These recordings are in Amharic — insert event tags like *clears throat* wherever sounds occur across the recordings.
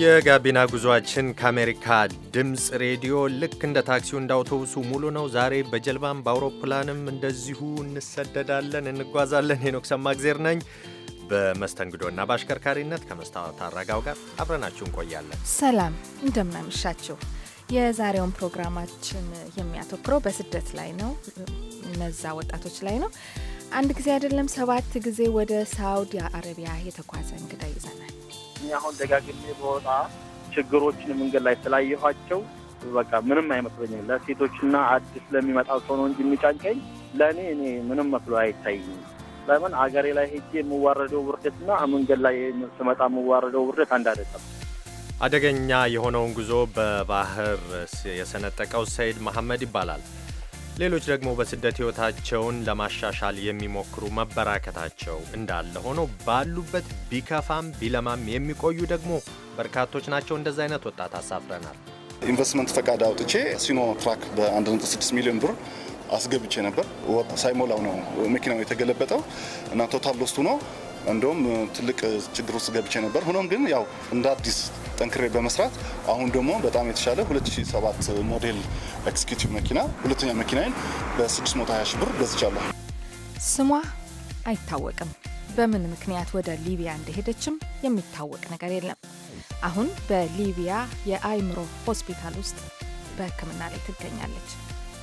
የጋቢና ጉዟችን ከአሜሪካ ድምፅ ሬዲዮ ልክ እንደ ታክሲው እንደ አውቶቡሱ ሙሉ ነው። ዛሬ በጀልባም በአውሮፕላንም እንደዚሁ እንሰደዳለን፣ እንጓዛለን። ሄኖክ ሰማግዜር ነኝ በመስተንግዶና በአሽከርካሪነት ከመስታወት አረጋው ጋር አብረናችሁ እንቆያለን። ሰላም እንደምናመሻችሁ። የዛሬውን ፕሮግራማችን የሚያተኩረው በስደት ላይ ነው፣ እነዛ ወጣቶች ላይ ነው። አንድ ጊዜ አይደለም ሰባት ጊዜ ወደ ሳውዲ አረቢያ የተጓዘ እንግዳ ይዘናል። እኛ አሁን ደጋግሜ በወጣ ችግሮችን መንገድ ላይ ስላየኋቸው በቃ ምንም አይመስለኝም። ለሴቶችና አዲስ ለሚመጣው ሰው ነው እንጂ የሚጫንቀኝ ለእኔ እኔ ምንም መስሎ አይታይኝም። ለምን አገሬ ላይ ሄጄ የምዋረደው ውርደትና መንገድ ላይ ስመጣ የምዋረደው ውርደት አንድ አይደለም። አደገኛ የሆነውን ጉዞ በባህር የሰነጠቀው ሰይድ መሐመድ ይባላል። ሌሎች ደግሞ በስደት ሕይወታቸውን ለማሻሻል የሚሞክሩ መበራከታቸው እንዳለ ሆኖ ባሉበት ቢከፋም ቢለማም የሚቆዩ ደግሞ በርካቶች ናቸው። እንደዚ አይነት ወጣት አሳፍረናል። ኢንቨስትመንት ፈቃድ አውጥቼ ሲኖ ትራክ በ16 ሚሊዮን ብር አስገብቼ ነበር። ሳይሞላው ነው መኪናው የተገለበጠው እና ቶታል ሎስቱ ነው። እንደውም ትልቅ ችግር ውስጥ ገብቼ ነበር። ሆኖም ግን ያው እንደ አዲስ ጠንክሬ በመስራት አሁን ደግሞ በጣም የተሻለ 2007 ሞዴል ኤክስኪቲቭ መኪና ሁለተኛ መኪናዬን በ620 ብር ገዝቻለሁ። ስሟ አይታወቅም። በምን ምክንያት ወደ ሊቢያ እንደሄደችም የሚታወቅ ነገር የለም። አሁን በሊቢያ የአይምሮ ሆስፒታል ውስጥ በሕክምና ላይ ትገኛለች።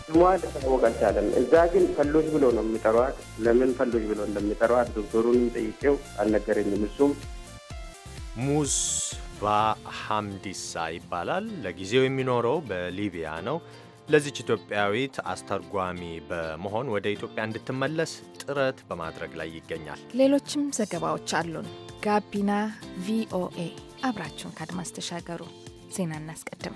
ስሟ ልታወቅ አልቻለም። እዛ ግን ፈሎች ብሎ ነው የሚጠሯት። ለምን ፈሎች ብሎ እንደሚጠሯት ዶክተሩንም ጠይቄው አልነገረኝም። እሱም ሙዝ ባ ሐምዲሳ ይባላል። ለጊዜው የሚኖረው በሊቢያ ነው። ለዚች ኢትዮጵያዊት አስተርጓሚ በመሆን ወደ ኢትዮጵያ እንድትመለስ ጥረት በማድረግ ላይ ይገኛል። ሌሎችም ዘገባዎች አሉን። ጋቢና ቪኦኤ አብራችሁን ከአድማስ ተሻገሩ። ዜና እናስቀድም።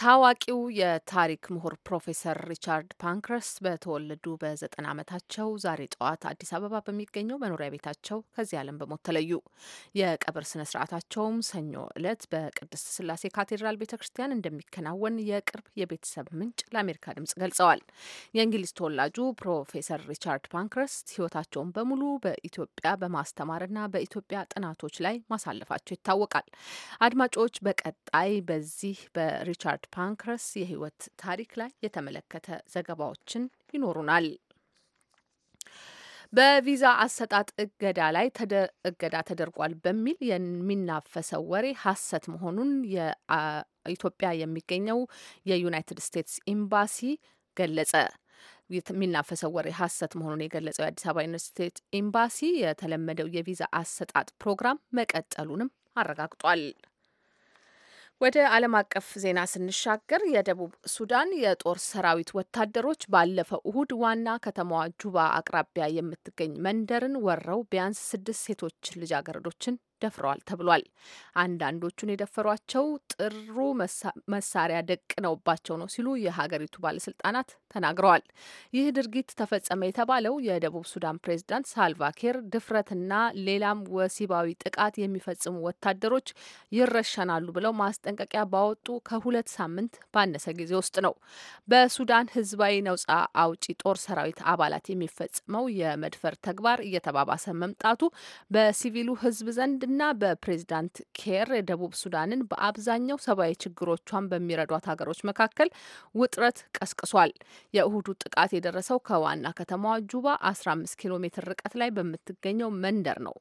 ታዋቂው የታሪክ ምሁር ፕሮፌሰር ሪቻርድ ፓንክረስት በተወለዱ በዘጠና ዓመታቸው ዛሬ ጠዋት አዲስ አበባ በሚገኘው መኖሪያ ቤታቸው ከዚህ ዓለም በሞት ተለዩ። የቀብር ስነ ስርዓታቸውም ሰኞ ዕለት በቅድስት ስላሴ ካቴድራል ቤተ ክርስቲያን እንደሚከናወን የቅርብ የቤተሰብ ምንጭ ለአሜሪካ ድምጽ ገልጸዋል። የእንግሊዝ ተወላጁ ፕሮፌሰር ሪቻርድ ፓንክረስ ሕይወታቸውን በሙሉ በኢትዮጵያ በማስተማርና በኢትዮጵያ ጥናቶች ላይ ማሳለፋቸው ይታወቃል። አድማጮች በቀጣይ በዚህ በሪቻርድ ሪቻርድ ፓንክረስ የህይወት ታሪክ ላይ የተመለከተ ዘገባዎችን ይኖሩናል። በቪዛ አሰጣጥ እገዳ ላይ እገዳ ተደርጓል በሚል የሚናፈሰው ወሬ ሐሰት መሆኑን የኢትዮጵያ የሚገኘው የዩናይትድ ስቴትስ ኤምባሲ ገለጸ። የሚናፈሰው ወሬ ሐሰት መሆኑን የገለጸው የአዲስ አበባ ዩናይትድ ኤምባሲ የተለመደው የቪዛ አሰጣጥ ፕሮግራም መቀጠሉንም አረጋግጧል። ወደ ዓለም አቀፍ ዜና ስንሻገር የደቡብ ሱዳን የጦር ሰራዊት ወታደሮች ባለፈው እሁድ ዋና ከተማዋ ጁባ አቅራቢያ የምትገኝ መንደርን ወረው ቢያንስ ስድስት ሴቶች ልጃገረዶችን ደፍረዋል ተብሏል። አንዳንዶቹን የደፈሯቸው ጥሩ መሳሪያ ደቅነውባቸው ነው ሲሉ የሀገሪቱ ባለስልጣናት ተናግረዋል። ይህ ድርጊት ተፈጸመ የተባለው የደቡብ ሱዳን ፕሬዝዳንት ሳልቫኪር ድፍረትና ሌላም ወሲባዊ ጥቃት የሚፈጽሙ ወታደሮች ይረሸናሉ ብለው ማስጠንቀቂያ ባወጡ ከሁለት ሳምንት ባነሰ ጊዜ ውስጥ ነው። በሱዳን ህዝባዊ ነጻ አውጪ ጦር ሰራዊት አባላት የሚፈጽመው የመድፈር ተግባር እየተባባሰ መምጣቱ በሲቪሉ ህዝብ ዘንድ በቻድና በፕሬዚዳንት ኬር የደቡብ ሱዳንን በአብዛኛው ሰብአዊ ችግሮቿን በሚረዷት ሀገሮች መካከል ውጥረት ቀስቅሷል። የእሁዱ ጥቃት የደረሰው ከዋና ከተማዋ ጁባ 15 ኪሎ ሜትር ርቀት ላይ በምትገኘው መንደር ነው።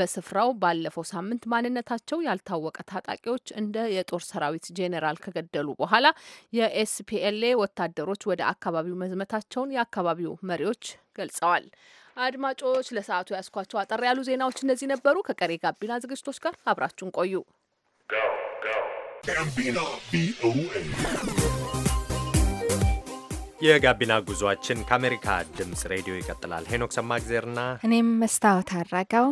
በስፍራው ባለፈው ሳምንት ማንነታቸው ያልታወቀ ታጣቂዎች እንደ የጦር ሰራዊት ጄኔራል ከገደሉ በኋላ የኤስፒኤልኤ ወታደሮች ወደ አካባቢው መዝመታቸውን የአካባቢው መሪዎች ገልጸዋል። አድማጮች ለሰዓቱ ያስኳቸው አጠር ያሉ ዜናዎች እነዚህ ነበሩ። ከቀሪ ጋቢና ዝግጅቶች ጋር አብራችሁን ቆዩ። የጋቢና ጉዟችን ከአሜሪካ ድምፅ ሬዲዮ ይቀጥላል። ሄኖክ ሰማግዜርና እኔም መስታወት አራጋው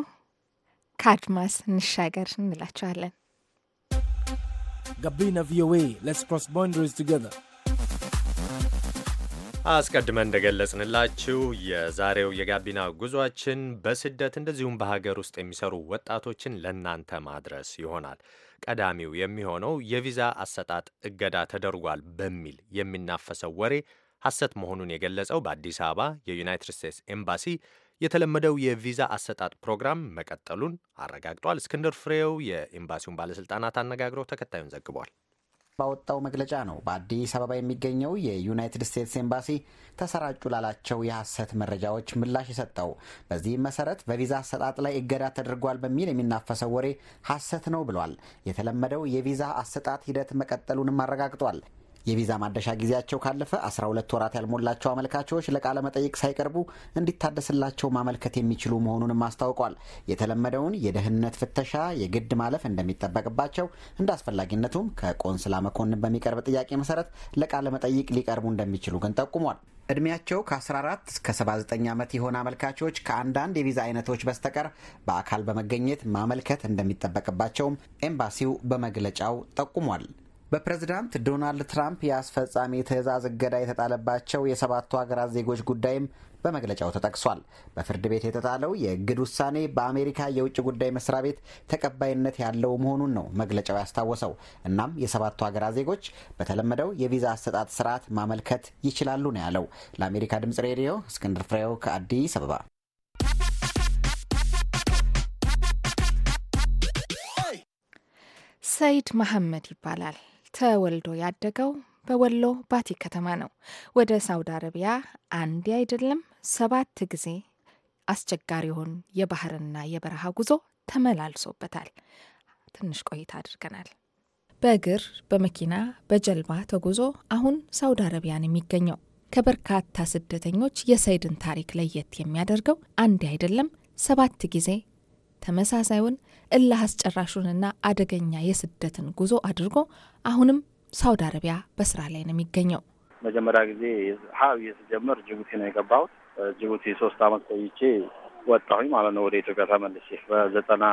ከአድማስ እንሻገር እንላቸዋለን። ጋቢና ቪኦኤ ሌትስ ክሮስ ባውንደሪስ ቱጌዘር አስቀድመን እንደገለጽንላችሁ የዛሬው የጋቢና ጉዟችን በስደት እንደዚሁም በሀገር ውስጥ የሚሰሩ ወጣቶችን ለእናንተ ማድረስ ይሆናል። ቀዳሚው የሚሆነው የቪዛ አሰጣጥ እገዳ ተደርጓል በሚል የሚናፈሰው ወሬ ሐሰት መሆኑን የገለጸው በአዲስ አበባ የዩናይትድ ስቴትስ ኤምባሲ የተለመደው የቪዛ አሰጣጥ ፕሮግራም መቀጠሉን አረጋግጧል። እስክንድር ፍሬው የኤምባሲውን ባለሥልጣናት አነጋግረው ተከታዩን ዘግቧል። ባወጣው መግለጫ ነው በአዲስ አበባ የሚገኘው የዩናይትድ ስቴትስ ኤምባሲ ተሰራጩ ላላቸው የሐሰት መረጃዎች ምላሽ የሰጠው። በዚህም መሰረት በቪዛ አሰጣጥ ላይ እገዳ ተደርጓል በሚል የሚናፈሰው ወሬ ሐሰት ነው ብሏል። የተለመደው የቪዛ አሰጣጥ ሂደት መቀጠሉንም አረጋግጧል። የቪዛ ማደሻ ጊዜያቸው ካለፈ 12 ወራት ያልሞላቸው አመልካቾች ለቃለ መጠይቅ ሳይቀርቡ እንዲታደስላቸው ማመልከት የሚችሉ መሆኑንም አስታውቋል። የተለመደውን የደህንነት ፍተሻ የግድ ማለፍ እንደሚጠበቅባቸው፣ እንደ አስፈላጊነቱም ከቆንስላ መኮንን በሚቀርብ ጥያቄ መሰረት ለቃለ መጠይቅ ሊቀርቡ እንደሚችሉ ግን ጠቁሟል። እድሜያቸው ከ14 እስከ 79 ዓመት የሆነ አመልካቾች ከአንዳንድ የቪዛ አይነቶች በስተቀር በአካል በመገኘት ማመልከት እንደሚጠበቅባቸውም ኤምባሲው በመግለጫው ጠቁሟል። በፕሬዝዳንት ዶናልድ ትራምፕ የአስፈጻሚ ትእዛዝ እገዳ የተጣለባቸው የሰባቱ ሀገራት ዜጎች ጉዳይም በመግለጫው ተጠቅሷል። በፍርድ ቤት የተጣለው የእግድ ውሳኔ በአሜሪካ የውጭ ጉዳይ መስሪያ ቤት ተቀባይነት ያለው መሆኑን ነው መግለጫው ያስታወሰው። እናም የሰባቱ ሀገራት ዜጎች በተለመደው የቪዛ አሰጣጥ ስርዓት ማመልከት ይችላሉ ነው ያለው። ለአሜሪካ ድምጽ ሬዲዮ እስክንድር ፍሬው ከአዲስ አበባ። ሰይድ መሐመድ ይባላል። ተወልዶ ያደገው በወሎ ባቲ ከተማ ነው። ወደ ሳውዲ አረቢያ አንድ አይደለም ሰባት ጊዜ አስቸጋሪውን የባህርና የበረሃ ጉዞ ተመላልሶበታል። ትንሽ ቆይታ አድርገናል። በእግር በመኪና በጀልባ ተጉዞ አሁን ሳውዲ አረቢያን የሚገኘው ከበርካታ ስደተኞች የሰይድን ታሪክ ለየት የሚያደርገው አንድ አይደለም ሰባት ጊዜ ተመሳሳዩን እልህ አስጨራሹንና አደገኛ የስደትን ጉዞ አድርጎ አሁንም ሳውዲ አረቢያ በስራ ላይ ነው የሚገኘው። መጀመሪያ ጊዜ ሀብ ስጀምር ጅቡቲ ነው የገባሁት። ጅቡቲ ሶስት አመት ቆይቼ ወጣሁኝ ማለት ነው ወደ ኢትዮጵያ ተመልሼ። በዘጠና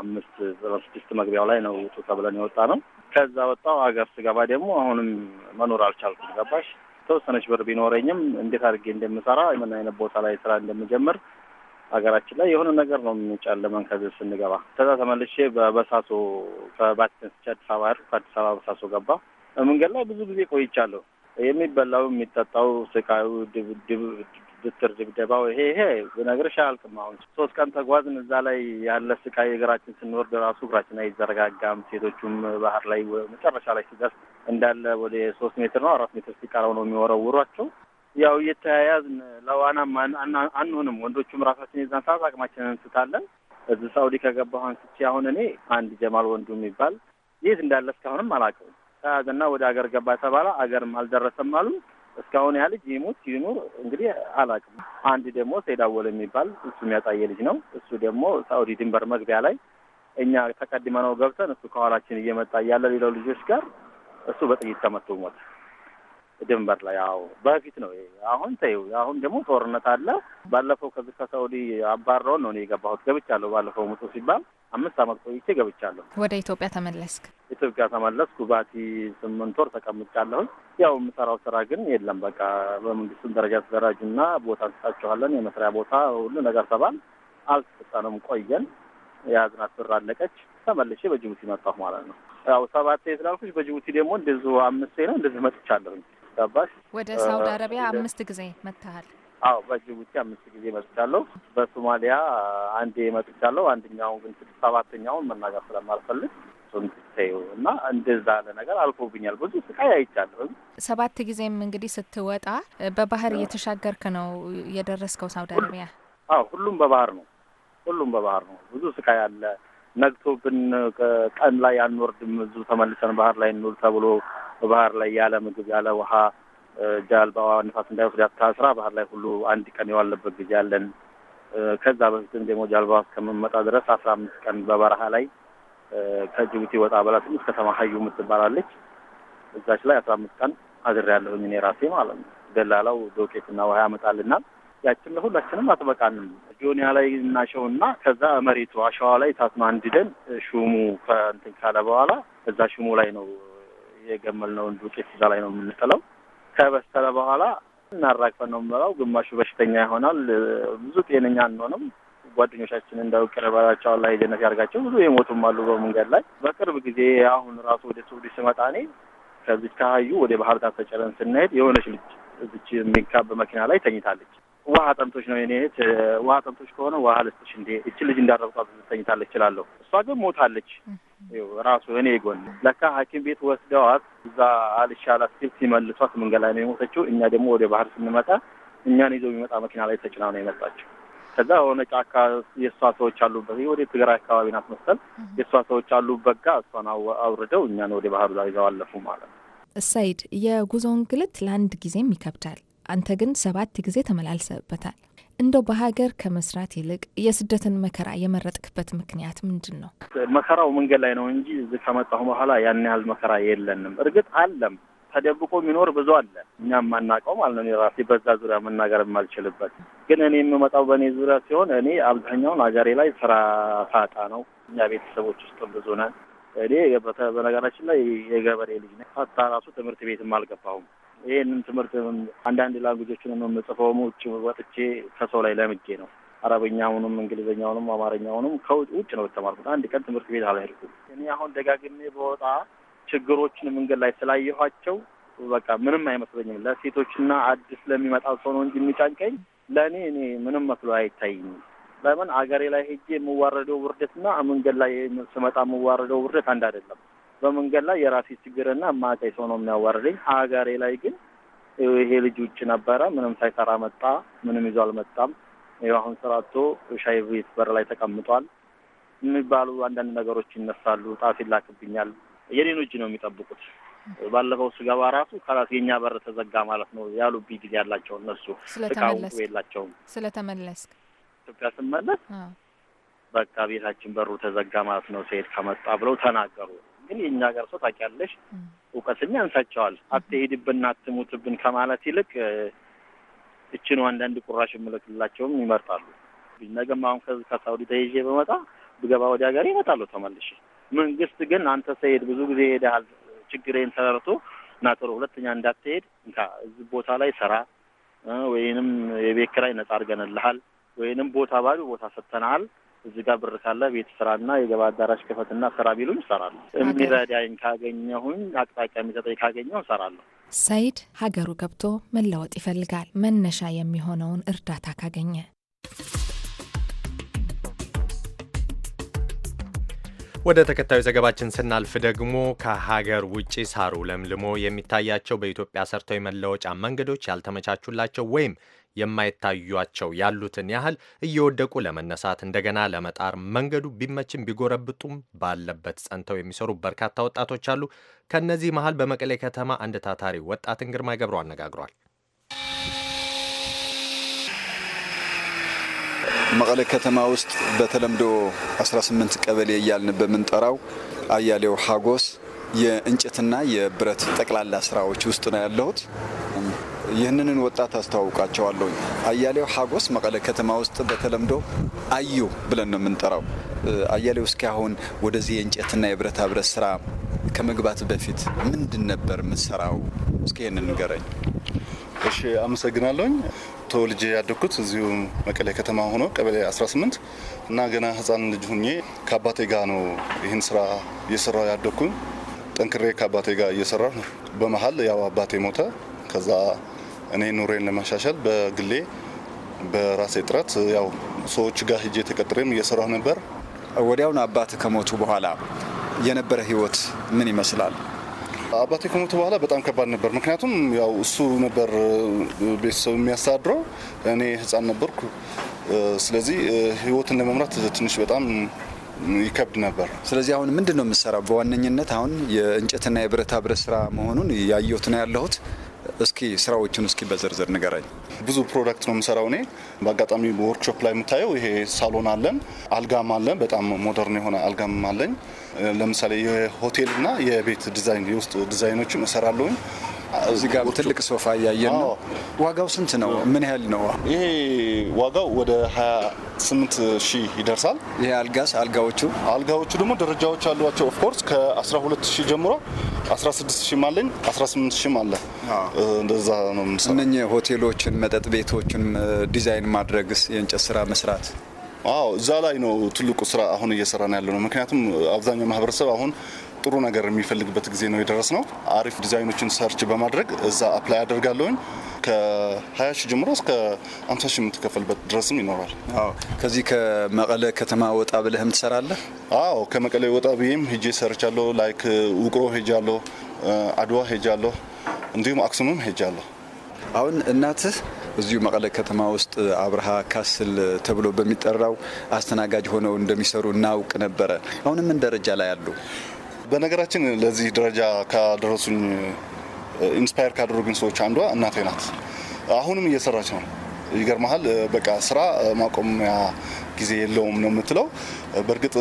አምስት ዘጠና ስድስት መግቢያው ላይ ነው ውጡ ተብለን የወጣ ነው። ከዛ ወጣው ሀገር ስገባ ደግሞ አሁንም መኖር አልቻልኩም። ገባሽ? ተወሰነች ብር ቢኖረኝም እንዴት አድርጌ እንደምሰራ ምን አይነት ቦታ ላይ ስራ እንደምጀምር ሀገራችን ላይ የሆነ ነገር ነው የምንጨልመን ከግብ ስንገባ። ከዛ ተመልሼ በበሳሶ ከባትንስቻ አዲስ አበባ ያልኩ ከአዲስ አበባ በሳሶ ገባ። መንገድ ላይ ብዙ ጊዜ ቆይቻለሁ። የሚበላው የሚጠጣው፣ ስቃዩ፣ ብትር ድብደባው፣ ይሄ ይሄ ብነግርሽ አያልቅም። አሁን ሶስት ቀን ተጓዝን። እዛ ላይ ያለ ስቃይ እግራችን ስንወርድ ራሱ እግራችን አይዘረጋጋም። ሴቶቹም ባህር ላይ መጨረሻ ላይ ሲደርስ እንዳለ ወደ ሶስት ሜትር ነው አራት ሜትር ሲቀረው ነው የሚወረውሯቸው። ያው እየተያያዝን ለዋናም አንሆንም። ወንዶቹም ራሳችን የዛን ሰዓት አቅማችንን እንስታለን። እዚህ ሳውዲ ከገባሁ አንስቼ አሁን እኔ አንድ ጀማል ወንዱ የሚባል የት እንዳለ እስካሁንም አላውቅም። ተያዘና ወደ አገር ገባ ተባለ። አገርም አልደረሰም አሉ። እስካሁን ያ ልጅ ይሙት ይኑር እንግዲህ አላውቅም። አንድ ደግሞ ሰይዳወል የሚባል እሱ የሚያጣየ ልጅ ነው። እሱ ደግሞ ሳውዲ ድንበር መግቢያ ላይ እኛ ተቀድመ ነው ገብተን እሱ ከኋላችን እየመጣ እያለ ሌለው ልጆች ጋር እሱ በጥይት ተመቶ ሞት ድንበር ላይ ያው በፊት ነው። አሁን ተይው። አሁን ደግሞ ጦርነት አለ። ባለፈው ከዚህ ከሳውዲ አባረውን ነው የገባሁት። ገብቻለሁ። ባለፈው ሙቶ ሲባል አምስት አመት ቆይቼ ገብቻለሁ። ወደ ኢትዮጵያ ተመለስክ? ኢትዮጵያ ተመለስኩ። ባቲ ስምንት ወር ተቀምጫለሁኝ። ያው የምሰራው ስራ ግን የለም። በቃ በመንግስቱም ደረጃ ተደራጁና ቦታ እንሰጣችኋለን፣ የመስሪያ ቦታ ሁሉ ነገር ተባል። አልተሰጠንም። ቆየን። የያዝናት ብር አለቀች። ተመልሼ በጅቡቲ መጣሁ ማለት ነው። ያው ሰባቴ ስላልኩሽ በጅቡቲ ደግሞ እንደዚሁ አምስቴ ነው እንደዚህ መጥቻለሁኝ። አባሽ ወደ ሳውዲ አረቢያ አምስት ጊዜ መጥተሃል? አዎ፣ በጅቡቲ አምስት ጊዜ መጥቻለሁ። በሶማሊያ አንዴ መጥቻለሁ። አንደኛውን ግን ሰባተኛውን መናገር ስለማልፈልግ እና እንደዛ ያለ ነገር አልፎብኛል። ብዙ ስቃይ አይቻለሁ። ሰባት ጊዜም እንግዲህ ስትወጣ በባህር እየተሻገርክ ነው የደረስከው ሳውዲ አረቢያ? አዎ፣ ሁሉም በባህር ነው። ሁሉም በባህር ነው። ብዙ ስቃይ አለ። ነግቶብን ቀን ላይ አንወርድም፣ እዚሁ ተመልሰን ባህር ላይ እንውል ተብሎ በባህር ላይ ያለ ምግብ ያለ ውሃ ጃልባዋ ነፋስ እንዳይወስድ ታስራ ባህር ላይ ሁሉ አንድ ቀን የዋለበት ጊዜ አለን። ከዛ በፊትም ደግሞ ጃልባዋ እስከምመጣ ድረስ አስራ አምስት ቀን በበረሃ ላይ ከጅቡቲ ወጣ በላ ትንሽ ከተማ ሀዩ የምትባላለች እዛች ላይ አስራ አምስት ቀን አድሬያለሁኝ እኔ ራሴ ማለት ነው። ደላላው ዶቄትና ውሃ ያመጣልናል። ያችን ለሁላችንም አትበቃንም። ጆኒያ ላይ እናሸውና ከዛ መሬቱ አሸዋ ላይ ታስማ እንዲደን ሹሙ ከእንትን ካለ በኋላ እዛ ሹሙ ላይ ነው የገመልነውን ዱቄት እዛ ላይ ነው የምንጥለው። ከበሰለ በኋላ እናራግፈን ነው የምንበላው። ግማሹ በሽተኛ ይሆናል። ብዙ ጤነኛ አንሆንም። ጓደኞቻችን እንዳው ቅርበራቸው ላይ ጀነት ያርጋቸው። ብዙ የሞቱም አሉ በመንገድ ላይ። በቅርብ ጊዜ አሁን ራሱ ወደ ሱዲ ስመጣ እኔ ከዚች ከሀዩ ወደ ባህር ዳር ተጨረን ስናሄድ የሆነች ልጅ እዚች የሚካብ መኪና ላይ ተኝታለች። ውሃ ጠምቶች ነው የኔ እህት። ውሃ ጠምቶች ከሆነ ውሃ ልስጥሽ እንዴ? እች ልጅ እንዳረብኳት ተኝታለች እላለሁ። እሷ ግን ሞታለች። ራሱ እኔ ጎን ለካ ሐኪም ቤት ወስደዋት እዛ አልሻላት ሲል ሲመልሷት መንገድ ላይ ነው የሞተችው። እኛ ደግሞ ወደ ባህር ስንመጣ እኛን ይዘው የሚመጣ መኪና ላይ ተጭና ነው የመጣችው። ከዛ የሆነ ጫካ የእሷ ሰዎች አሉበት፣ ወደ ትግራይ አካባቢ ናት መሰል የእሷ ሰዎች አሉበት ጋ እሷን አውርደው እኛን ወደ ባህር ላይ ይዘው አለፉ ማለት ነው። እሳይድ የጉዞ እንግልት ለአንድ ጊዜም ይከብዳል አንተ ግን ሰባት ጊዜ ተመላልሰበታል። እንደው በሀገር ከመስራት ይልቅ የስደትን መከራ የመረጥክበት ምክንያት ምንድን ነው? መከራው መንገድ ላይ ነው እንጂ እዚህ ከመጣሁ በኋላ ያን ያህል መከራ የለንም። እርግጥ አለም ተደብቆ የሚኖር ብዙ አለ፣ እኛ የማናውቀው ማለት ነው። ራሴ በዛ ዙሪያ መናገር የማልችልበት ግን እኔ የምመጣው በእኔ ዙሪያ ሲሆን እኔ አብዛኛውን ሀገሬ ላይ ስራ ሳጣ ነው። እኛ ቤተሰቦች ውስጥ ብዙ ነን። እኔ በነገራችን ላይ የገበሬ ልጅ ነኝ። ሀታ ራሱ ትምህርት ቤትም አልገባሁም። ይህንን ትምህርት አንዳንድ ላንጉጆችን የምጽፈውም ውጭ ወጥቼ ከሰው ላይ ለምጄ ነው። አረበኛውንም እንግሊዝኛውንም አማርኛውንም ከውጭ ነው የተማርኩት። አንድ ቀን ትምህርት ቤት አልሄድኩም። እኔ አሁን ደጋግሜ በወጣ ችግሮችን መንገድ ላይ ስላየኋቸው በቃ ምንም አይመስለኝም። ለሴቶችና አዲስ ለሚመጣ ሰው ነው እንጂ የሚጫንቀኝ ለእኔ እኔ ምንም መስሎ አይታይኝም። ለምን አገሬ ላይ ሄጄ የምዋረደው ውርደትና መንገድ ላይ ስመጣ የምዋረደው ውርደት አንድ አይደለም። በመንገድ ላይ የራሴ ችግርና ማቀይ ሰው ነው የሚያዋርደኝ። ሀገሬ ላይ ግን ይሄ ልጅ ውጭ ነበረ፣ ምንም ሳይሰራ መጣ፣ ምንም ይዞ አልመጣም፣ ይኸው አሁን ስራቶ ሻይ ቤት በር ላይ ተቀምጧል የሚባሉ አንዳንድ ነገሮች ይነሳሉ። ጣፊ ላክብኛል። የኔን እጅ ነው የሚጠብቁት። ባለፈው ስገባ ራሱ ከራስ የኛ በር ተዘጋ ማለት ነው ያሉብኝ ጊዜ ያላቸው እነሱ ስለተመለስ የላቸውም ስለተመለስ ኢትዮጵያ ስመለስ በቃ ቤታችን በሩ ተዘጋ ማለት ነው፣ ስሄድ ከመጣ ብለው ተናገሩ። ግን የእኛ ሀገር ሰው ታውቂያለሽ፣ እውቀትም ያንሳቸዋል። አትሄድብን አትሙትብን ከማለት ይልቅ እችን አንዳንድ ቁራሽ የምልክላቸውም ይመርጣሉ። ነገም አሁን ከዚህ ከሳውዲ ተይዤ በመጣ ብገባ ወደ ሀገር ይመጣሉ ተመልሼ። መንግስት ግን አንተ ሰሄድ ብዙ ጊዜ ሄደሃል፣ ችግሬን ተረርቶ እና ጥሩ ሁለተኛ እንዳትሄድ እንካ እዚህ ቦታ ላይ ስራ ወይንም የቤት ኪራይ ነጻ አድርገንልሃል ወይንም ቦታ ባሉ ቦታ ሰጥተናል እዚህ ጋር ብር ካለ ቤት ስራና የገባ አዳራሽ ክፈትና ስራ ቢሉኝ እሰራለሁ። የሚረዳኝ ካገኘሁኝ አቅጣጫ የሚሰጠኝ ካገኘው እሰራለሁ። ሰይድ ሀገሩ ገብቶ መለወጥ ይፈልጋል መነሻ የሚሆነውን እርዳታ ካገኘ። ወደ ተከታዩ ዘገባችን ስናልፍ ደግሞ ከሀገር ውጭ ሳሩ ለምልሞ የሚታያቸው በኢትዮጵያ ሰርተው የመለወጫ መንገዶች ያልተመቻቹላቸው ወይም የማይታዩቸው ያሉትን ያህል እየወደቁ ለመነሳት እንደገና ለመጣር መንገዱ ቢመችም ቢጎረብጡም ባለበት ጸንተው የሚሰሩ በርካታ ወጣቶች አሉ። ከእነዚህ መሀል በመቀሌ ከተማ አንድ ታታሪ ወጣትን ግርማ ገብሮ አነጋግሯል። መቀሌ ከተማ ውስጥ በተለምዶ 18 ቀበሌ እያልን በምንጠራው አያሌው ሀጎስ የእንጨትና የብረት ጠቅላላ ስራዎች ውስጥ ነው ያለሁት። ይህንንን ወጣት አስተዋውቃቸዋለሁ አያሌው ሀጎስ መቀለ ከተማ ውስጥ በተለምዶ አዩ ብለን ነው የምንጠራው። አያሌው እስካሁን ወደዚህ የእንጨትና የብረታ ብረት ስራ ከመግባት በፊት ምንድን ነበር የምትሰራው? እስኪ ይህንን ንገረኝ። እሺ፣ አመሰግናለሁኝ። ተወልጄ ያደግኩት እዚሁ መቀሌ ከተማ ሆኖ ቀበሌ 18 እና ገና ህፃን ልጅ ሁኜ ከአባቴ ጋር ነው ይህን ስራ እየሰራው ያደግኩኝ። ጠንክሬ ከአባቴ ጋር እየሰራ በመሀል ያው አባቴ ሞተ። ከዛ እኔ ኑሬን ለማሻሻል በግሌ በራሴ ጥረት ያው ሰዎች ጋር ሂጄ ተቀጥሬም እየሰራሁ ነበር። ወዲያውን አባት ከሞቱ በኋላ የነበረ ህይወት ምን ይመስላል? አባቴ ከሞቱ በኋላ በጣም ከባድ ነበር። ምክንያቱም ያው እሱ ነበር ቤተሰብ የሚያስተዳድረው፣ እኔ ህፃን ነበርኩ። ስለዚህ ህይወትን ለመምራት ትንሽ በጣም ይከብድ ነበር። ስለዚህ አሁን ምንድን ነው የምሰራው? በዋነኝነት አሁን የእንጨትና የብረታ ብረት ስራ መሆኑን ያየሁት ነው ያለሁት እስኪ ስራዎችን እስኪ በዝርዝር ንገረኝ። ብዙ ፕሮዳክት ነው የምሰራው እኔ። በአጋጣሚ ወርክሾፕ ላይ የምታየው ይሄ ሳሎን አለን፣ አልጋም አለን፣ በጣም ሞደርን የሆነ አልጋም አለኝ። ለምሳሌ የሆቴልና የቤት ዲዛይን የውስጥ ዲዛይኖችም እሰራለሁኝ። እዚህ ጋር ትልቅ ሶፋ እያየን ነው። ዋጋው ስንት ነው? ምን ያህል ነው? ይሄ ዋጋው ወደ 28 ሺህ ይደርሳል። ይሄ አልጋስ? አልጋዎቹ አልጋዎቹ ደግሞ ደረጃዎች አሏቸው። ኦፍኮርስ ከ12 ሺህ ጀምሮ 16 ሺም አለኝ 18 ሺም አለ። እንደዛ ነው የምንሰራው። እነኝህ ሆቴሎችን፣ መጠጥ ቤቶችን ዲዛይን ማድረግስ የእንጨት ስራ መስራት አዎ፣ እዛ ላይ ነው ትልቁ ስራ አሁን እየሰራ ነው ያለ ነው። ምክንያቱም አብዛኛው ማህበረሰብ አሁን ጥሩ ነገር የሚፈልግበት ጊዜ ነው የደረስ ነው። አሪፍ ዲዛይኖችን ሰርች በማድረግ እዛ አፕላይ አደርጋለሁኝ። ሺ ጀምሮ እስከ አምሳ ሺ የምትከፈልበት ድረስም ይኖራል። ከዚህ ከመቀለ ከተማ ወጣ ብለህም ትሰራለህ? አዎ ከመቀለ ወጣ ብዬም ሄጄ ሰርቻለሁ። ላይክ ውቅሮ ሄጃለሁ፣ አድዋ ሄጃለሁ፣ እንዲሁም አክሱምም ሄጃለሁ። አሁን እናትህ እዚሁ መቀለ ከተማ ውስጥ አብርሃ ካስል ተብሎ በሚጠራው አስተናጋጅ ሆነው እንደሚሰሩ እናውቅ ነበረ። አሁን ምን ደረጃ ላይ አሉ? በነገራችን ለዚህ ደረጃ ካደረሱኝ ኢንስፓየር ካደረጉኝ ሰዎች አንዷ እናቴ ናት። አሁንም እየሰራች ነው። ይገርመሃል፣ በቃ ስራ ማቆሚያ ጊዜ የለውም ነው የምትለው። በእርግጥ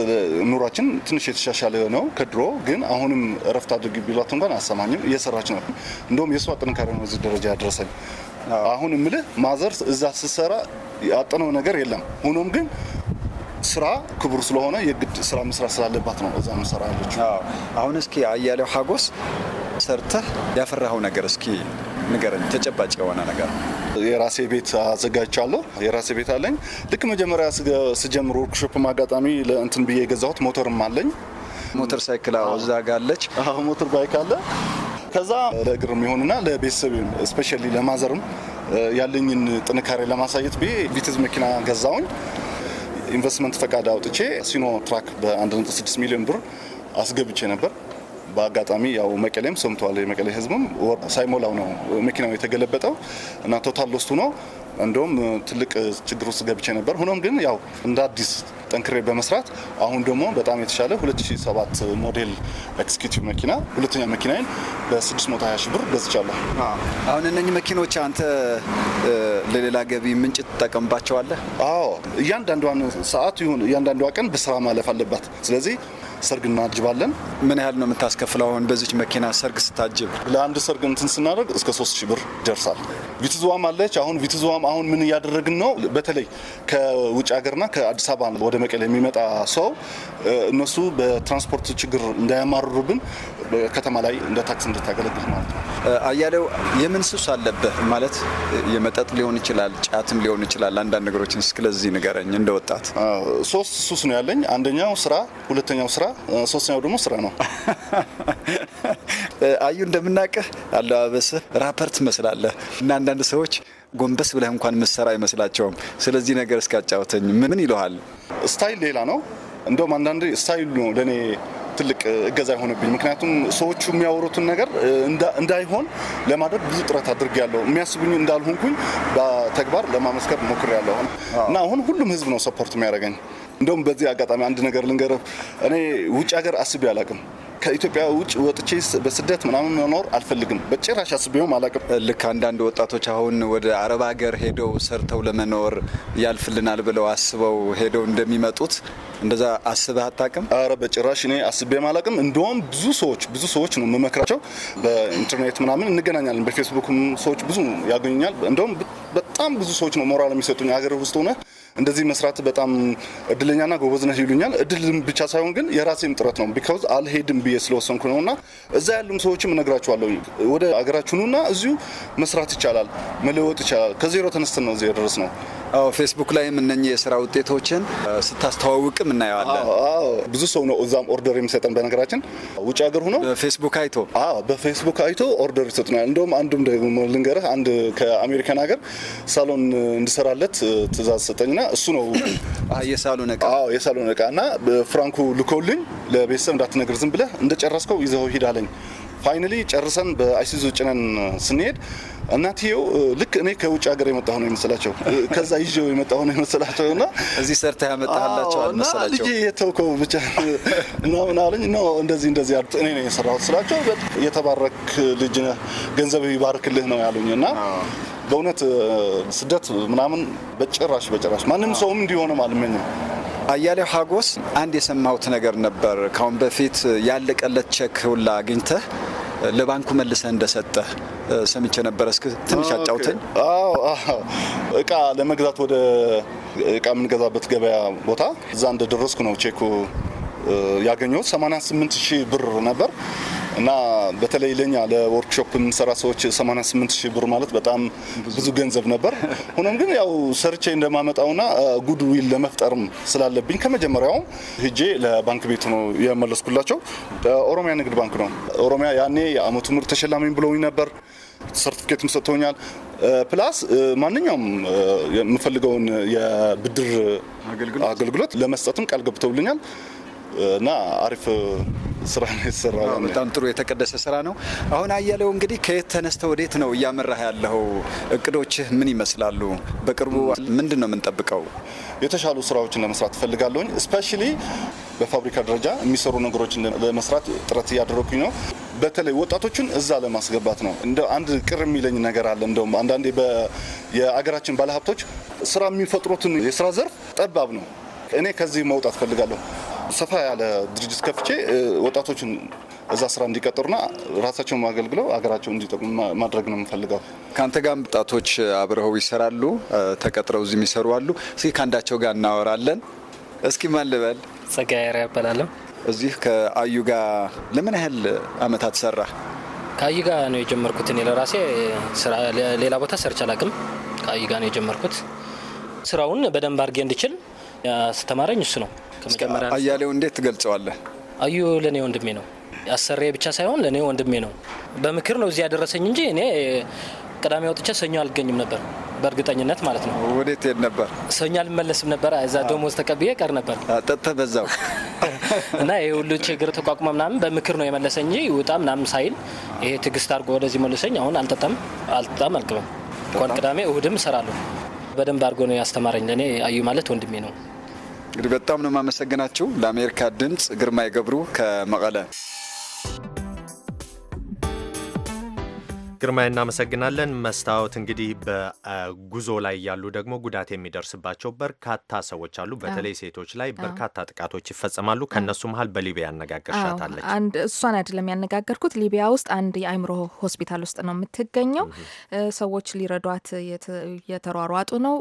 ኑሯችን ትንሽ የተሻሻለ ነው ከድሮ ግን፣ አሁንም እረፍት አድርግ ቢሏት እንኳን አሰማኝም። እየሰራች ነው። እንደውም የእሷ ጥንካሬ ነው እዚህ ደረጃ ያደረሰኝ። አሁን እምልህ ማዘርስ እዛ ስትሰራ ያጠነው ነገር የለም ሆኖም ግን ስራ ክቡር ስለሆነ የግድ ስራ መስራት ስላለባት ነው እዛ ምሰራ ያለች። አሁን እስኪ አያሌው ሀጎስ ሰርተህ ያፈራኸው ነገር እስኪ ንገረኝ፣ ተጨባጭ የሆነ ነገር። የራሴ ቤት አዘጋጅቻለሁ። የራሴ ቤት አለኝ። ልክ መጀመሪያ ስጀምር ወርክሾፕም አጋጣሚ ለእንትን ብዬ የገዛሁት ሞተርም አለኝ። ሞተር ሳይክል እዛ ጋ አለች። ሞተር ባይክ አለ። ከዛ ለእግር የሚሆንና ለቤተሰብ ስፔሻሊ ለማዘርም ያለኝን ጥንካሬ ለማሳየት ብዬ ቪትዝ መኪና ገዛውኝ። ኢንቨስትመንት ፈቃድ አውጥቼ ሲኖ ትራክ በ1.6 ሚሊዮን ብር አስገብቼ ነበር። በአጋጣሚ ያው መቀሌም ሰምተዋል። የመቀሌ ህዝብም ወር ሳይሞላው ነው መኪናው የተገለበጠው እና ቶታል ሎስቱ ነው። እንደውም ትልቅ ችግር ውስጥ ገብቼ ነበር። ሆኖም ግን ያው እንደ አዲስ ጠንክሬ በመስራት አሁን ደግሞ በጣም የተሻለ 2007 ሞዴል ኤክስኪዩቲቭ መኪና ሁለተኛ መኪናዬን በ620 ሺህ ብር ገዝቻለሁ። አሁን እነኚህ መኪኖች አንተ ለሌላ ገቢ ምንጭ ትጠቀምባቸዋለህ? አዎ፣ እያንዳንዷን ሰዓት ይሁን እያንዳንዷ ቀን በስራ ማለፍ አለባት። ስለዚህ ሰርግ እናጅባለን። ምን ያህል ነው የምታስከፍለው? አሁን በዚች መኪና ሰርግ ስታጅብ ለአንድ ሰርግ እንትን ስናደርግ እስከ ሶስት ሺህ ብር ይደርሳል። ቪትዝዋም አለች። አሁን ቪትዝዋም አሁን ምን እያደረግን ነው? በተለይ ከውጭ ሀገርና ከአዲስ አበባ ወደ መቀሌ የሚመጣ ሰው እነሱ በትራንስፖርት ችግር እንዳያማርሩብን ከተማ ላይ እንደ ታክስ እንድታገለግል ማለት ነው። አያሌው የምን ሱስ አለብህ ማለት የመጠጥ ሊሆን ይችላል፣ ጫትም ሊሆን ይችላል። አንዳንድ ነገሮችን እስክለዚህ ንገረኝ እንደ ወጣት። ሶስት ሱስ ነው ያለኝ። አንደኛው ስራ፣ ሁለተኛው ስራ፣ ሶስተኛው ደግሞ ስራ ነው። አዩ እንደምናቀህ አለባበስህ ራፐር ትመስላለህ እና አንዳንድ ሰዎች ጎንበስ ብለህ እንኳን ምሰራ አይመስላቸውም። ስለዚህ ነገር እስካጫወተኝ ምን ይለሃል? ስታይል ሌላ ነው። እንደውም አንዳንድ ስታይል ። ነው ለእኔ ትልቅ እገዛ የሆነብኝ። ምክንያቱም ሰዎቹ የሚያወሩትን ነገር እንዳይሆን ለማድረግ ብዙ ጥረት ያለው የሚያስቡኝ እንዳልሆንኩኝ በተግባር ለማመስከር ሞክሬያለሁ እና አሁን ሁሉም ህዝብ ነው ሰፖርት የሚያደርገኝ። እንደውም በዚህ አጋጣሚ አንድ ነገር ልንገረብ። እኔ ውጭ ሀገር አስቤ አላቅም። ከኢትዮጵያ ውጭ ወጥቼ በስደት ምናምን መኖር አልፈልግም። በጭራሽ አስቤውም አላቅም። ልክ አንዳንድ ወጣቶች አሁን ወደ አረብ ሀገር ሄደው ሰርተው ለመኖር ያልፍልናል ብለው አስበው ሄደው እንደሚመጡት እንደዛ አስበህ አታቅም? አረ በጭራሽ እኔ አስቤም አላቅም። እንደውም ብዙ ሰዎች ብዙ ሰዎች ነው የምመክራቸው። በኢንተርኔት ምናምን እንገናኛለን፣ በፌስቡክም ሰዎች ብዙ ያገኙኛል። እንደውም በጣም ብዙ ሰዎች ነው ሞራል የሚሰጡኝ ሀገር ውስጥ ሆነ እንደዚህ መስራት በጣም እድለኛና ጎበዝ ነህ ይሉኛል። እድል ብቻ ሳይሆን ግን የራሴም ጥረት ነው። ቢካውዝ አልሄድም ብዬ ስለወሰንኩ ነው እና እዛ ያሉም ሰዎችም እነግራችኋለሁ። ወደ አገራችሁኑ ና እዚሁ መስራት ይቻላል፣ መለወጥ ይቻላል። ከዜሮ ተነስተን ነው እዚህ የደረስ ነው። አዎ ፌስቡክ ላይም እነኚህ የስራ ውጤቶችን ስታስተዋውቅም እናየዋለን። ብዙ ሰው ነው እዛም ኦርደር የሚሰጠን። በነገራችን ውጭ ሀገር ሁነው በፌስቡክ አይቶ በፌስቡክ አይቶ ኦርደር ይሰጡናል። እንደውም አንዱም ደግሞ ልንገርህ፣ አንድ ከአሜሪካን ሀገር ሳሎን እንድሰራለት ትእዛዝ ሰጠኝና እሱ ነው *clears throat* የሳሎን እቃ። አዎ የሳሎን እቃ እና ፍራንኩ ልኮልኝ ለቤተሰብ እንዳትነግር ዝም ብለህ እንደጨረስከው ይዘው ሂድ አለኝ። ፋይናሊ ጨርሰን በአይሲዙ ጭነን ስንሄድ እናትየው ልክ እኔ ከውጭ ሀገር የመጣሁ ነው የመሰላቸው፣ ከዛ ይዤው የመጣሁ ነው የመሰላቸው እና እዚህ ሰርተህ ያመጣህላቸው አልመሰላቸው። ልጄ የተውከው ብቻ ነው ምን አለኝ ነው እንደዚህ እንደዚህ ያሉት እኔ ነው የሰራሁት ስላቸው፣ የተባረክ ልጅ ነህ፣ ገንዘብ ይባርክልህ ነው ያሉኝ እና በእውነት ስደት ምናምን በጭራሽ በጭራሽ ማንም ሰውም እንዲሆንም አልመኝም። አያሌው ሀጎስ አንድ የሰማሁት ነገር ነበር። ካሁን በፊት ያለቀለት ቼክ ሁላ አግኝተህ ለባንኩ መልሰህ እንደሰጠህ ሰምቼ ነበር። እስክ ትንሽ አጫውተኝ። እቃ ለመግዛት ወደ እቃ የምንገዛበት ገበያ ቦታ እዛ እንደደረስኩ ነው ቼኩ ያገኘሁት። 88 ሺህ ብር ነበር። እና በተለይ ለኛ ለወርክሾፕ የምንሰራ ሰዎች 88 ሺህ ብር ማለት በጣም ብዙ ገንዘብ ነበር። ሆኖም ግን ያው ሰርቼ እንደማመጣውና ጉድ ዊል ለመፍጠርም ስላለብኝ ከመጀመሪያውም ሂጄ ለባንክ ቤት ነው የመለስኩላቸው። ኦሮሚያ ንግድ ባንክ ነው። ኦሮሚያ ያኔ የአመቱ ምርጥ ተሸላሚ ብለውኝ ነበር። ሰርቲፊኬትም ሰጥተውኛል። ፕላስ ማንኛውም የምፈልገውን የብድር አገልግሎት ለመስጠትም ቃል ገብተውልኛል እና አሪፍ ስራ ነው የተሰራ። በጣም ጥሩ የተቀደሰ ስራ ነው። አሁን አያሌው እንግዲህ ከየት ተነስተ ወዴት ነው እያመራህ ያለው? እቅዶችህ ምን ይመስላሉ? በቅርቡ ምንድን ነው የምንጠብቀው? የተሻሉ ስራዎችን ለመስራት እፈልጋለሁኝ። እስፔሻሊ በፋብሪካ ደረጃ የሚሰሩ ነገሮችን ለመስራት ጥረት እያደረኩኝ ነው። በተለይ ወጣቶችን እዛ ለማስገባት ነው። እንደ አንድ ቅር የሚለኝ ነገር አለ። እንደውም አንዳንዴ የአገራችን ባለሀብቶች ስራ የሚፈጥሩትን የስራ ዘርፍ ጠባብ ነው። እኔ ከዚህ መውጣት እፈልጋለሁ። ሰፋ ያለ ድርጅት ከፍቼ ወጣቶችን እዛ ስራ እንዲቀጥሩና ራሳቸውን አገልግለው ሀገራቸውን እንዲጠቅሙ ማድረግ ነው የምፈልገው። ከአንተ ጋር ወጣቶች አብረው ይሰራሉ፣ ተቀጥረው እዚህም ይሰሩ አሉ። እስኪ ከአንዳቸው ጋር እናወራለን። እስኪ ማን ልበል? ጸጋ ራ ያበላለሁ። እዚህ ከአዩ ጋር ለምን ያህል አመታት ሰራ? ከአዩ ጋር ነው የጀመርኩት እኔ ለራሴ ሌላ ቦታ ሰርቼ አላውቅም። ከአዩ ጋር ነው የጀመርኩት ስራውን በደንብ አድርጌ እንድችል ያስተማረኝ እሱ ነው። አያሌው እንዴት ትገልጸዋለህ? አዩ ለእኔ ወንድሜ ነው። አሰሬ ብቻ ሳይሆን ለእኔ ወንድሜ ነው። በምክር ነው እዚህ ያደረሰኝ እንጂ እኔ ቅዳሜ ወጥቼ ሰኞ አልገኝም ነበር በእርግጠኝነት ማለት ነው። ወዴት ሄድ ነበር? ሰኞ አልመለስም ነበር። እዛ ደሞዝ ተቀብዬ ቀር ነበር ጠጥተህ በዛው *laughs* እና ይህ ሁሉ ችግር ተቋቁመ ምናምን በምክር ነው የመለሰኝ እንጂ ውጣ ምናምን ሳይል ይሄ ትዕግስት አድርጎ ወደዚህ መለሰኝ። አሁን አልጠጣም አልጠጣም አልቅምም። እንኳን ቅዳሜ እሁድም እሰራለሁ። በደንብ አድርጎ ነው ያስተማረኝ። ለእኔ አዩ ማለት ወንድሜ ነው። እንግዲህ በጣም ነው የማመሰግናችሁ። ለአሜሪካ ድምፅ ግርማይ ገብሩ ከመቀለ ግርማ እናመሰግናለን። መስታወት እንግዲህ በጉዞ ላይ ያሉ ደግሞ ጉዳት የሚደርስባቸው በርካታ ሰዎች አሉ። በተለይ ሴቶች ላይ በርካታ ጥቃቶች ይፈጸማሉ። ከእነሱ መሀል በሊቢያ ያነጋገርሻታለች። አንድ እሷን አይደለም ያነጋገርኩት። ሊቢያ ውስጥ አንድ የአይምሮ ሆስፒታል ውስጥ ነው የምትገኘው። ሰዎች ሊረዷት የተሯሯጡ ነው።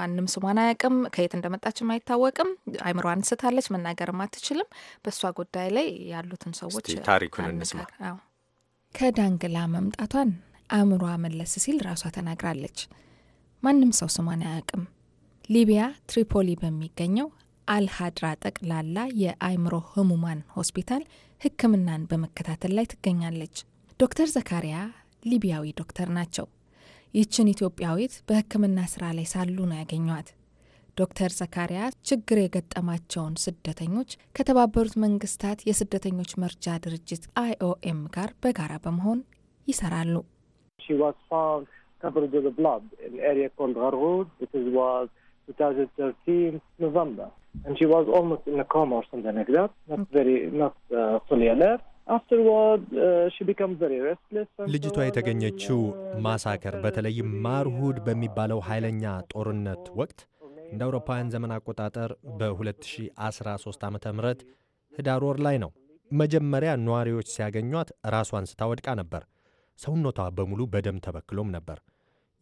ማንም ስሟን አያውቅም። ከየት እንደመጣችም አይታወቅም። አይምሮ አንስታለች። መናገርም አትችልም። በእሷ ጉዳይ ላይ ያሉትን ሰዎች ታሪኩን እንስማ። ከዳንግላ መምጣቷን አእምሯ መለስ ሲል ራሷ ተናግራለች። ማንም ሰው ስሟን አያውቅም። ሊቢያ ትሪፖሊ በሚገኘው አልሃድራ ጠቅላላ የአእምሮ ህሙማን ሆስፒታል ሕክምናን በመከታተል ላይ ትገኛለች። ዶክተር ዘካሪያ ሊቢያዊ ዶክተር ናቸው። ይችን ኢትዮጵያዊት በሕክምና ስራ ላይ ሳሉ ነው ያገኟት። ዶክተር ዘካሪያ ችግር የገጠማቸውን ስደተኞች ከተባበሩት መንግስታት የስደተኞች መርጃ ድርጅት አይኦኤም ጋር በጋራ በመሆን ይሰራሉ። mm. uh, uh, ልጅቷ uh, የተገኘችው ማሳከር በተለይም ማርሁድ በሚባለው ኃይለኛ ጦርነት ወቅት እንደ አውሮፓውያን ዘመን አቆጣጠር በ2013 ዓ ም ህዳር ወር ላይ ነው። መጀመሪያ ነዋሪዎች ሲያገኟት ራሷን ስታወድቃ ነበር። ሰውነቷ በሙሉ በደም ተበክሎም ነበር።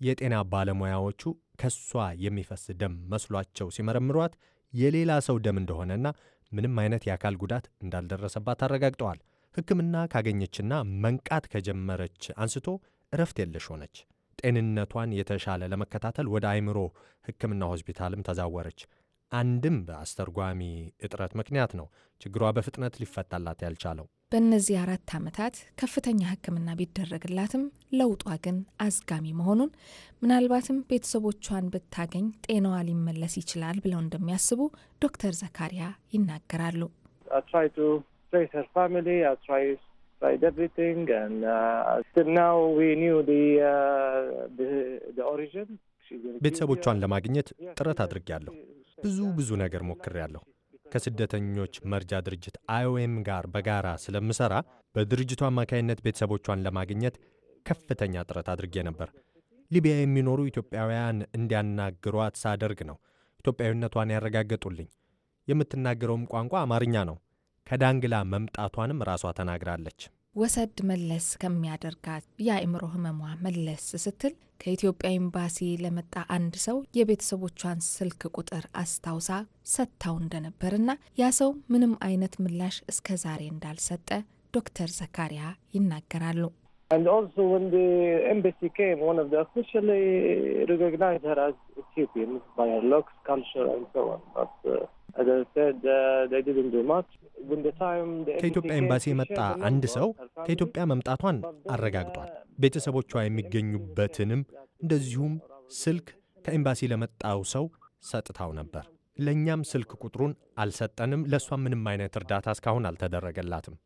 የጤና ባለሙያዎቹ ከሷ የሚፈስ ደም መስሏቸው ሲመረምሯት የሌላ ሰው ደም እንደሆነና ምንም አይነት የአካል ጉዳት እንዳልደረሰባት አረጋግጠዋል። ሕክምና ካገኘችና መንቃት ከጀመረች አንስቶ እረፍት የለሽ ሆነች። ጤንነቷን የተሻለ ለመከታተል ወደ አይምሮ ሕክምና ሆስፒታልም ተዛወረች። አንድም በአስተርጓሚ እጥረት ምክንያት ነው ችግሯ በፍጥነት ሊፈታላት ያልቻለው። በእነዚህ አራት ዓመታት ከፍተኛ ሕክምና ቢደረግላትም ለውጧ ግን አዝጋሚ መሆኑን ምናልባትም ቤተሰቦቿን ብታገኝ ጤናዋ ሊመለስ ይችላል ብለው እንደሚያስቡ ዶክተር ዘካሪያ ይናገራሉ። tried everything, and uh, still now we knew the, uh, the, the origin. ቤተሰቦቿን ለማግኘት ጥረት አድርጌያለሁ። ብዙ ብዙ ነገር ሞክሬያለሁ። ከስደተኞች መርጃ ድርጅት አይኦኤም ጋር በጋራ ስለምሰራ በድርጅቱ አማካይነት ቤተሰቦቿን ለማግኘት ከፍተኛ ጥረት አድርጌ ነበር። ሊቢያ የሚኖሩ ኢትዮጵያውያን እንዲያናግሯት ሳደርግ ነው ኢትዮጵያዊነቷን ያረጋገጡልኝ። የምትናገረውም ቋንቋ አማርኛ ነው። ከዳንግላ መምጣቷንም ራሷ ተናግራለች። ወሰድ መለስ ከሚያደርጋት የአእምሮ ህመሟ መለስ ስትል ከኢትዮጵያ ኤምባሲ ለመጣ አንድ ሰው የቤተሰቦቿን ስልክ ቁጥር አስታውሳ ሰጥታው እንደነበርና ያ ሰው ምንም አይነት ምላሽ እስከ ዛሬ እንዳልሰጠ ዶክተር ዘካሪያ ይናገራሉ። Uh, ከኢትዮጵያ ኤምባሲ የመጣ አንድ ሰው ከኢትዮጵያ መምጣቷን አረጋግጧል። uh, ቤተሰቦቿ የሚገኙበትንም እንደዚሁም ስልክ ከኤምባሲ ለመጣው ሰው ሰጥታው ነበር። ለእኛም ስልክ ቁጥሩን አልሰጠንም። ለእሷ ምንም አይነት እርዳታ እስካሁን አልተደረገላትም።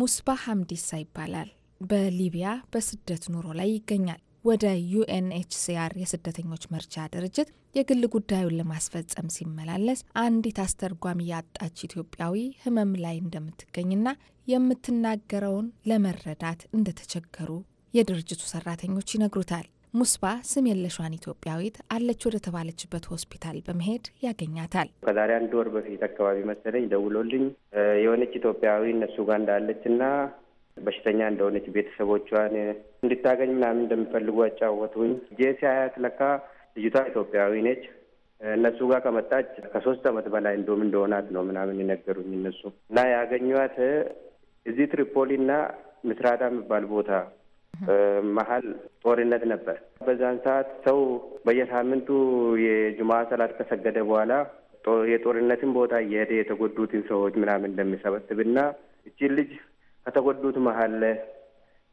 ሙስባ ሐምዲሳ ይባላል። በሊቢያ በስደት ኑሮ ላይ ይገኛል። ወደ ዩኤንኤችሲአር የስደተኞች መርጃ ድርጅት የግል ጉዳዩን ለማስፈጸም ሲመላለስ አንዲት አስተርጓሚ ያጣች ኢትዮጵያዊ ሕመም ላይ እንደምትገኝና የምትናገረውን ለመረዳት እንደተቸገሩ የድርጅቱ ሰራተኞች ይነግሩታል። ሙስባ ስም የለሿን ኢትዮጵያዊት አለች ወደ ተባለችበት ሆስፒታል በመሄድ ያገኛታል። ከዛሬ አንድ ወር በፊት አካባቢ መሰለኝ ደውሎልኝ የሆነች ኢትዮጵያዊ እነሱ ጋር እንዳለች እና በሽተኛ እንደሆነች ቤተሰቦቿን እንድታገኝ ምናምን እንደሚፈልጉ አጫወቱኝ። ጄሲ ሀያት ለካ ልጅቷ ኢትዮጵያዊ ነች። እነሱ ጋር ከመጣች ከሶስት አመት በላይ እንደውም እንደሆናት ነው ምናምን የነገሩኝ እነሱ እና ያገኟት እዚህ ትሪፖሊ እና ምስራታ የሚባል ቦታ መሀል ጦርነት ነበር። በዛን ሰዓት ሰው በየሳምንቱ የጁማ ሰላት ከሰገደ በኋላ የጦርነትን ቦታ እየሄደ የተጎዱትን ሰዎች ምናምን እንደሚሰበስብና እቺን ልጅ ከተጎዱት መሀል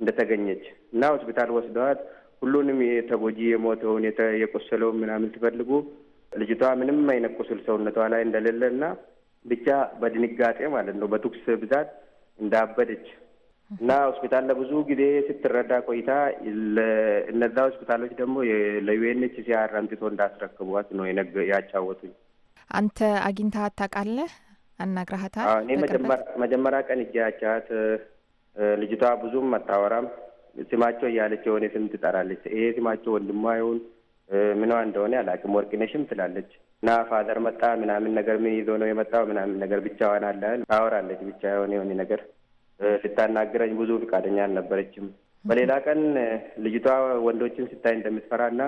እንደተገኘች እና ሆስፒታል ወስደዋት ሁሉንም የተጎጂ የሞተውን የቆሰለውን ምናምን ትፈልጉ ልጅቷ ምንም አይነት ቁስል ሰውነቷ ላይ እንደሌለ እና ብቻ በድንጋጤ ማለት ነው በትኩስ ብዛት እንዳበደች እና ሆስፒታል ለብዙ ጊዜ ስትረዳ ቆይታ እነዛ ሆስፒታሎች ደግሞ ለዩኤንኤችሲአር አምጥቶ እንዳስረክቧት ነው ያጫወቱኝ። አንተ አግኝታ ታውቃለህ? አናግረሃታል? እኔ መጀመሪያ ቀን እጃቻት ልጅቷ ብዙም አታወራም። ስማቸው እያለች የሆነ ስም ትጠራለች። ይሄ ስማቸው ወንድሟ ይሁን ምንዋ እንደሆነ አላውቅም። ወርቅነሽም ትላለች እና ፋዘር መጣ ምናምን ነገር ምን ይዞ ነው የመጣው ምናምን ነገር ብቻዋን አለ ታወራለች። ብቻ የሆነ የሆነ ነገር ልታናግረኝ ብዙ ፈቃደኛ አልነበረችም። በሌላ ቀን ልጅቷ ወንዶችን ስታይ እንደምትፈራ እና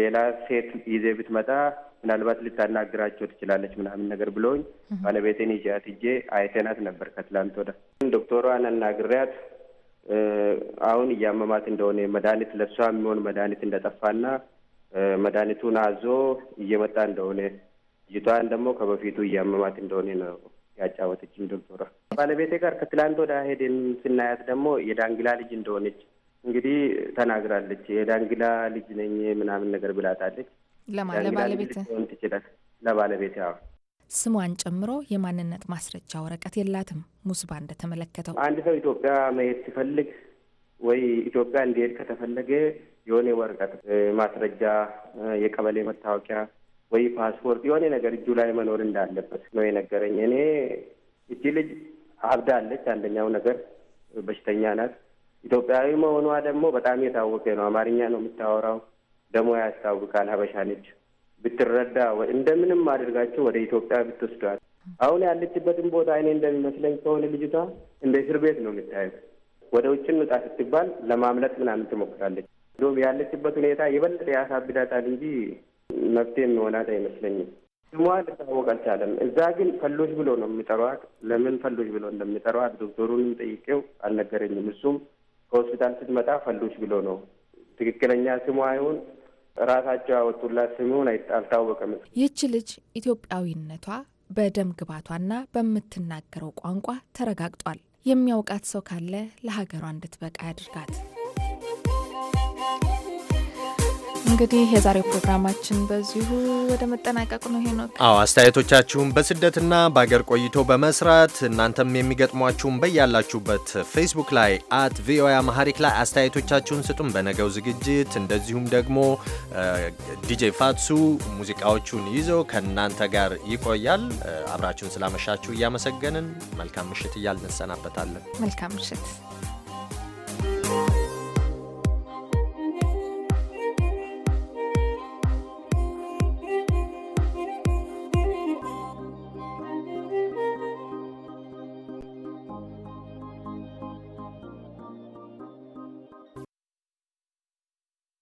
ሌላ ሴት ይዜ ብትመጣ ምናልባት ልታናግራቸው ትችላለች ምናምን ነገር ብለውኝ ባለቤቴን ይዣት ሂጄ አይተናት ነበር። ከትላንት ወደ ዶክተሯን አናግሪያት አሁን እያመማት እንደሆነ መድኃኒት ለእሷ የሚሆን መድኃኒት እንደጠፋና መድኃኒቱን አዞ እየመጣ እንደሆነ ልጅቷን ደግሞ ከበፊቱ እያመማት እንደሆነ ነው ያጫወተችኝ ዶክተሯ። ባለቤቴ ጋር ከትላንት ወደ ሄድን ስናያት ደግሞ የዳንግላ ልጅ እንደሆነች እንግዲህ ተናግራለች። የዳንግላ ልጅ ነኝ ምናምን ነገር ብላታለች። ለባለቤት ለባለቤት ያው ስሟን ጨምሮ የማንነት ማስረጃ ወረቀት የላትም። ሙስባ እንደተመለከተው አንድ ሰው ኢትዮጵያ መሄድ ሲፈልግ ወይ ኢትዮጵያ እንዲሄድ ከተፈለገ የሆነ ወረቀት ማስረጃ፣ የቀበሌ መታወቂያ ወይ ፓስፖርት፣ የሆነ ነገር እጁ ላይ መኖር እንዳለበት ነው የነገረኝ። እኔ እቺ ልጅ አብዳለች። አንደኛው ነገር በሽተኛ ናት። ኢትዮጵያዊ መሆኗ ደግሞ በጣም የታወቀ ነው። አማርኛ ነው የምታወራው ደሞ ያስታውቃል። ሀበሻ ነች ብትረዳ እንደምንም አድርጋቸው ወደ ኢትዮጵያ ብትወስዷት አሁን ያለችበትን ቦታ እኔ እንደሚመስለኝ ከሆነ ልጅቷ እንደ እስር ቤት ነው የምታየው። ወደ ውጭ እንውጣ ስትባል ለማምለጥ ምናምን ትሞክራለች። ዶም ያለችበት ሁኔታ የበለጠ ያሳብዳታል እንጂ መፍትሄ የሚሆናት አይመስለኝም። ስሟ ልታወቅ አልቻለም። እዛ ግን ፈሎች ብሎ ነው የሚጠሯት። ለምን ፈሎች ብሎ እንደሚጠሯት ዶክተሩንም ጠይቄው አልነገረኝም። እሱም ከሆስፒታል ስትመጣ ፈሎች ብሎ ነው ትክክለኛ ስሟ ይሁን ራሳቸው ያወጡላት ስሙን አልታወቀም። ይህች ልጅ ኢትዮጵያዊነቷ በደም ግባቷና በምትናገረው ቋንቋ ተረጋግጧል። የሚያውቃት ሰው ካለ ለሀገሯ እንድትበቃ ያድርጋት። እንግዲህ የዛሬው ፕሮግራማችን በዚሁ ወደ መጠናቀቁ ነው። ሄኖክ፣ አዎ አስተያየቶቻችሁን በስደትና በአገር ቆይቶ በመስራት እናንተም የሚገጥሟችሁን በያላችሁበት ፌስቡክ ላይ አት ቪኦኤ አማሃሪክ ላይ አስተያየቶቻችሁን ስጡን። በነገው ዝግጅት እንደዚሁም ደግሞ ዲጄ ፋትሱ ሙዚቃዎቹን ይዞ ከእናንተ ጋር ይቆያል። አብራችሁን ስላመሻችሁ እያመሰገንን መልካም ምሽት እያል እንሰናበታለን። መልካም ምሽት።